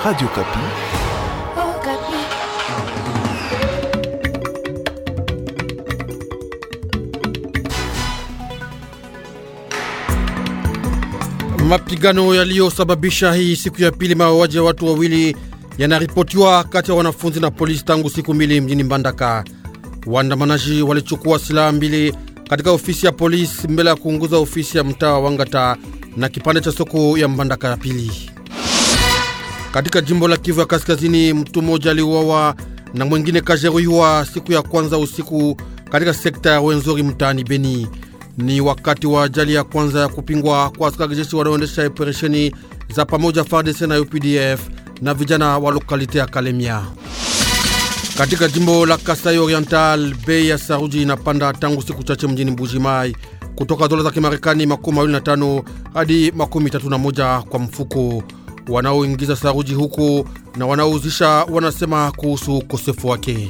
Radio Kapi. Oh, Kapi. Mapigano yaliyosababisha hii siku ya pili mauaji ya watu wawili yanaripotiwa kati ya wanafunzi na polisi tangu siku mbili mjini Mbandaka. Waandamanaji walichukua silaha mbili katika ofisi ya polisi mbele ya kuunguza ofisi ya mtaa Wangata na kipande cha soko ya Mbandaka ya pili. Katika jimbo la Kivu ya Kaskazini, mtu mmoja aliuawa na mwengine kajeruhiwa siku ya kwanza usiku katika sekta ya Wenzori mtaani Beni. Ni wakati wa ajali ya kwanza ya kupingwa kwa askari jeshi wanaoendesha operesheni za pamoja FARDC na UPDF na vijana wa lokalite ya Kalemia. Katika jimbo la Kasai Oriental, bei ya saruji inapanda tangu siku chache mjini Mbujimai kutoka dola za Kimarekani 25 mawili na tano hadi 31 na moja kwa mfuko wanaoingiza saruji huko na wanaouzisha wanasema kuhusu ukosefu wake.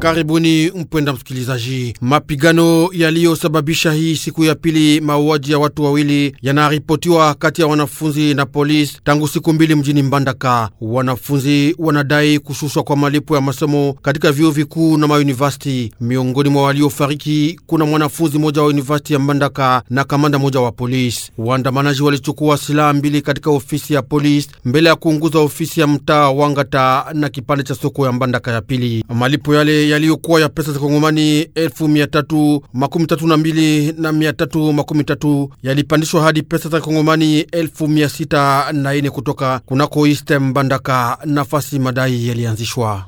Karibuni mpenda msikilizaji. Mapigano yaliyosababisha hii siku ya pili mauaji ya watu wawili yanaripotiwa kati ya wanafunzi na polisi tangu siku mbili mjini Mbandaka. Wanafunzi wanadai kushushwa kwa malipo ya masomo katika vyuo vikuu na mauniversiti. Miongoni mwa waliofariki kuna mwanafunzi mmoja wa univesiti ya Mbandaka na kamanda mmoja wa polisi. Waandamanaji walichukua silaha mbili katika ofisi ya polisi mbele ya kuunguza ofisi ya mtaa Wangata na kipande cha soko ya Mbandaka ya pili. Malipo yale yaliyokuwa ya pesa za Kongomani elfu mia tatu makumi tatu na mbili na mia tatu makumi tatu yalipandishwa hadi pesa za Kongomani elfu mia sita na ine kutoka kunako Eastern Mbandaka, nafasi madai yalianzishwa.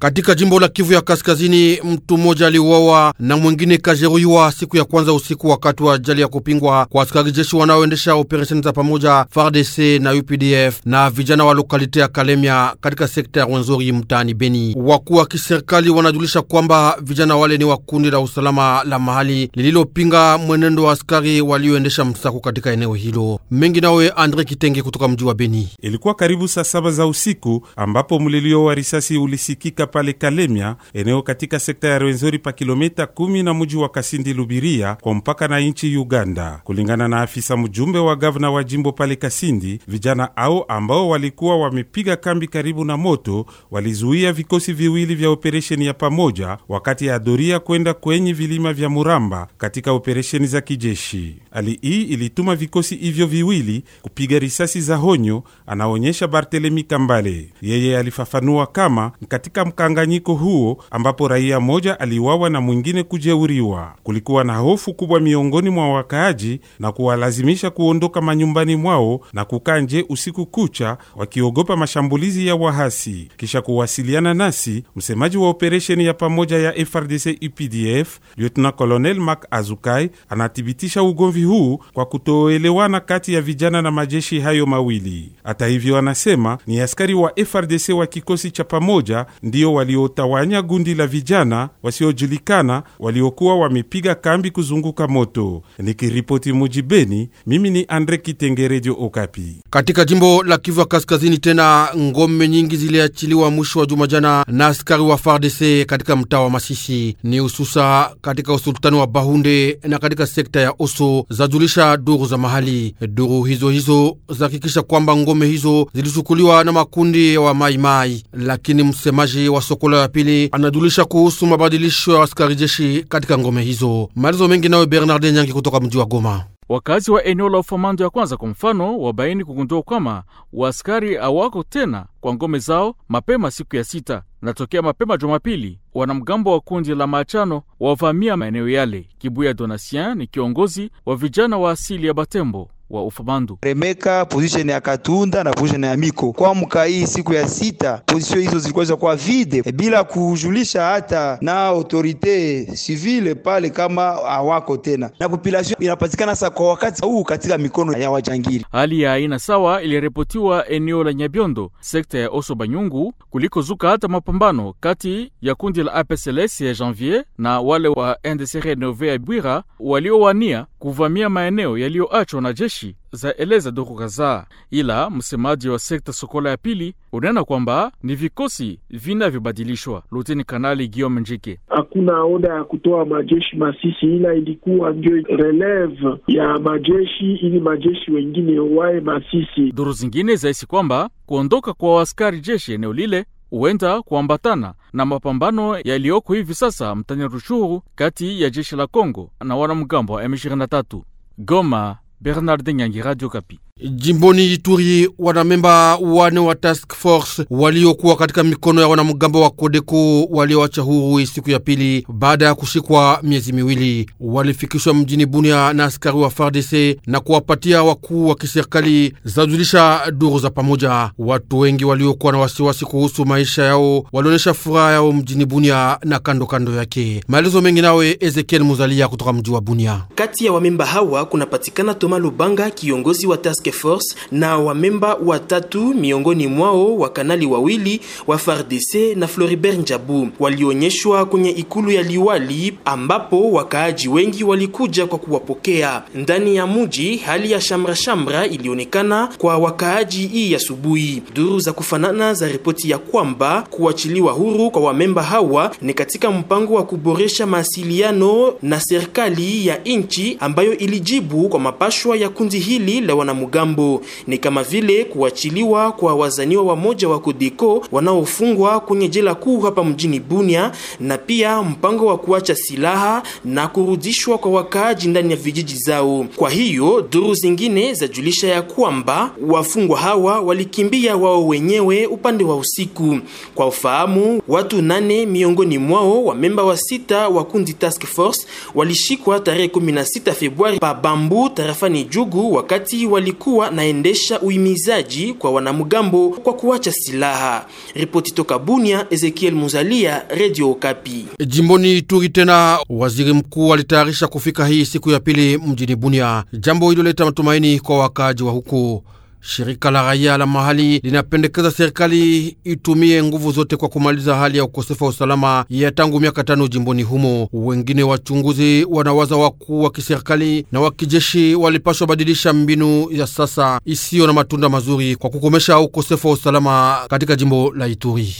Katika jimbo la Kivu ya Kaskazini, mtu mmoja aliuawa na mwingine kajeruhiwa siku ya kwanza usiku, wakati wa ajali ya kupingwa kwa askari jeshi wanaoendesha operesheni za pamoja FARDC na UPDF na vijana wa lokalite ya Kalemia katika sekta ya Rwenzori mtaani Beni. Wakuu wa kiserikali wanajulisha kwamba vijana wale ni wa kundi la usalama la mahali lililopinga mwenendo wa askari walioendesha msako katika eneo hilo. Mengi nawe Andre Kitenge kutoka mji wa Beni. Ilikuwa karibu saa saba za usiku ambapo mlilio wa risasi ulisikika pale Kalemia, eneo katika sekta ya Rwenzori pa kilomita kumi na muji wa Kasindi Lubiria kwa mpaka na nchi Uganda. Kulingana na afisa mjumbe wa gavana wa jimbo pale Kasindi, vijana ao ambao walikuwa wamepiga kambi karibu na moto walizuia vikosi viwili vya operesheni ya pamoja wakati ya doria kwenda kwenye vilima vya Muramba katika operesheni za kijeshi. Hali hii ilituma vikosi hivyo viwili kupiga risasi za honyo, anaonyesha Barthelemy Kambale. Yeye alifafanua kama katika mkanganyiko huo ambapo raia moja aliwawa na mwingine kujeuriwa. Kulikuwa na hofu kubwa miongoni mwa wakaaji na kuwalazimisha kuondoka manyumbani mwao na kukaa nje usiku kucha, wakiogopa mashambulizi ya wahasi. Kisha kuwasiliana nasi, msemaji wa operesheni ya pamoja ya FRDC UPDF Lieutenant Colonel Mark Azukai anathibitisha ugomvi huu kwa kutoelewana kati ya vijana na majeshi hayo mawili. Hata hivyo, anasema ni askari wa FRDC wa kikosi cha pamoja ndiyo ndio waliotawanya gundi la vijana wasiojulikana waliokuwa wamepiga kambi kuzunguka moto. Nikiripoti Mujibeni, mimi ni Andre Kitenge, Redio Okapi. Katika jimbo la Kivu Kaskazini, tena ngome nyingi ziliachiliwa mwisho wa juma jana na askari wa FARDC katika mtaa wa Masisi, ni hususa katika usultani wa Bahunde na katika sekta ya Oso, zajulisha duru za mahali. Duru hizo hizo zahakikisha kwamba ngome hizo zilichukuliwa na makundi ya wa Maimai, lakini msemaji wa wa Sokola ya pili anadulisha kuhusu mabadilisho ya askari jeshi katika ngome hizo. Malizo mengi nawe Bernard Nyangi kutoka mji wa Goma. Wakazi wa eneo la ufamando ya kwanza kwa mfano wabaini kugundua kwamba waaskari hawako tena kwa ngome zao mapema siku ya sita na tokea mapema Jumapili, wanamgambo wa kundi la maachano wavamia maeneo yale. Kibuya donasien ni kiongozi wa vijana wa asili ya Batembo wa Ufabandu Remeka position ya Katunda na position ya Miko kwa mka hii siku ya sita, position hizo zilikuwa kwa vide e, bila kujulisha hata na autorite civile pale kama hawako tena, na population inapatikana sasa kwa wakati huu katika mikono ya wajangiri Hali ya aina sawa iliripotiwa eneo la Nyabiondo, sekta ya Oso Banyungu, zuka hata mapambano kati ya kundi la APCLS ya Janvier na wale wa NDC Renove ya Bwira waliowania kuvamia maeneo yaliyoachwa na jeshi nchi zaeleza duru kadhaa, ila msemaji wa sekta Sokola ya pili unena kwamba ni vikosi vinavyobadilishwa. Luteni Kanali Guillaume Njike: hakuna oda ya kutoa majeshi Masisi, ila ilikuwa ndio releve ya majeshi ili majeshi wengine wae Masisi. Duru zingine zaisi kwamba kuondoka kwa waaskari jeshi eneo lile huenda kuambatana na mapambano yaliyoko hivi sasa mtani Rushuru kati ya jeshi la Kongo na wanamgambo wa M23. Goma, Bernardin Yangi, Radio Capi. Jimboni Ituri, wanamemba wane wa task force waliokuwa katika mikono ya wanamgambo wa Kodeko walioacha huru siku ya pili baada ya kushikwa miezi miwili walifikishwa mjini Bunia na askari wa FARDC na kuwapatia wakuu wa kiserikali, zajulisha duru za pamoja. Watu wengi waliokuwa na wasiwasi kuhusu maisha yao walionyesha furaha yao mjini Bunia na kando kando yake. Maelezo mengi nawe Ezekiel Muzalia kutoka mji wa Bunia. Kati ya wamemba hawa kunapatikana Toma Lubanga, kiongozi wa task Force na wamemba watatu miongoni mwao wa kanali wawili wa FARDC na Floribert Njabu walionyeshwa kwenye ikulu ya liwali, ambapo wakaaji wengi walikuja kwa kuwapokea. Ndani ya muji hali ya shamra ilionekana kwa wakaaji hii asubuhi. Duru za kufanana za ripoti ya kwamba kuachiliwa huru kwa wamemba hawa ni katika mpango wa kuboresha mawasiliano na serikali ya nchi ambayo ilijibu kwa mapashwa ya kundi hili la wanamugambo wanamgambo. Ni kama vile kuachiliwa kwa wazaniwa wamoja wa Kodeko wanaofungwa kwenye jela kuu hapa mjini Bunia, na pia mpango wa kuacha silaha na kurudishwa kwa wakaaji ndani ya vijiji zao. Kwa hiyo duru zingine zajulisha ya kwamba wafungwa hawa walikimbia wao wenyewe upande wa usiku. Kwa ufahamu, watu nane miongoni mwao wamemba wa sita wa kundi task force walishikwa tarehe 16 Februari pa Bambu tarafani Jugu wakati waliku kuwa naendesha uimizaji kwa wanamgambo kwa kuacha silaha. Ripoti toka Bunia, Ezekiel Muzalia, Radio Okapi. Jimboni Ituri tena waziri mkuu alitayarisha kufika hii siku ya pili mjini Bunia, jambo hilo leta matumaini kwa wakaaji wa huku Shirika la raia la mahali linapendekeza serikali itumie nguvu zote kwa kumaliza hali ya ukosefu wa usalama ya tangu miaka tano jimboni humo. Wengine wachunguzi wanawaza wakuu wa kiserikali na wa kijeshi walipashwa badilisha mbinu ya sasa isiyo na matunda mazuri kwa kukomesha ukosefu wa usalama katika jimbo la Ituri.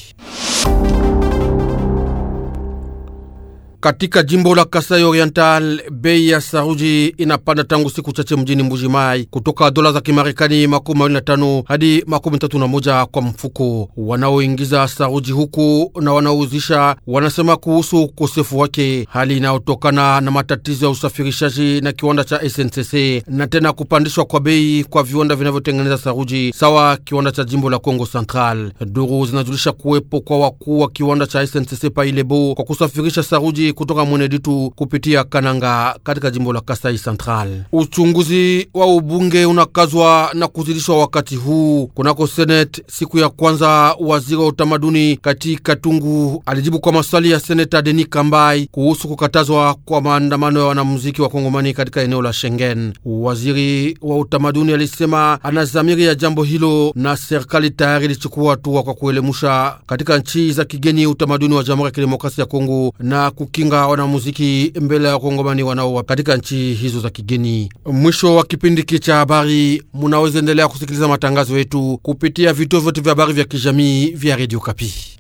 Katika jimbo la Kasai Oriental, bei ya saruji inapanda tangu siku chache mjini Mbujimai kutoka dola za Kimarekani makumi mawili na tano hadi makumi tatu na moja kwa mfuko. Wanaoingiza saruji huku na wanaouzisha wanasema kuhusu ukosefu wake, hali inayotokana na matatizo ya usafirishaji na kiwanda cha SNCC na tena kupandishwa kwa bei kwa viwanda vinavyotengeneza saruji sawa kiwanda cha jimbo la Kongo Central. Duru zinajulisha kuwepo kwa wakuu wa kiwanda cha SNCC Pailebo kwa kusafirisha saruji kutoka Mweneditu kupitia Kananga katika jimbo la Kasai Central. Uchunguzi wa ubunge unakazwa na kuzidishwa wakati huu kunako Senate. Siku ya kwanza, waziri wa utamaduni kati katungu alijibu kwa maswali ya seneta Denis Kambai kuhusu kukatazwa kwa maandamano ya wanamuziki wa Kongomani katika eneo la Schengen. Waziri wa utamaduni alisema ana zamiri ya jambo hilo na serikali tayari ilichukua hatua kwa kuelemusha katika nchi za kigeni utamaduni wa Jamhuri ya Kidemokrasia ya Kongo na kuki kukinga wanamuziki mbele ya wakongomani wanao katika nchi hizo za kigeni. Mwisho wa kipindi hiki cha habari, munaweza endelea kusikiliza matangazo yetu kupitia vituo vyote vya habari vya kijamii vya redio Kapi.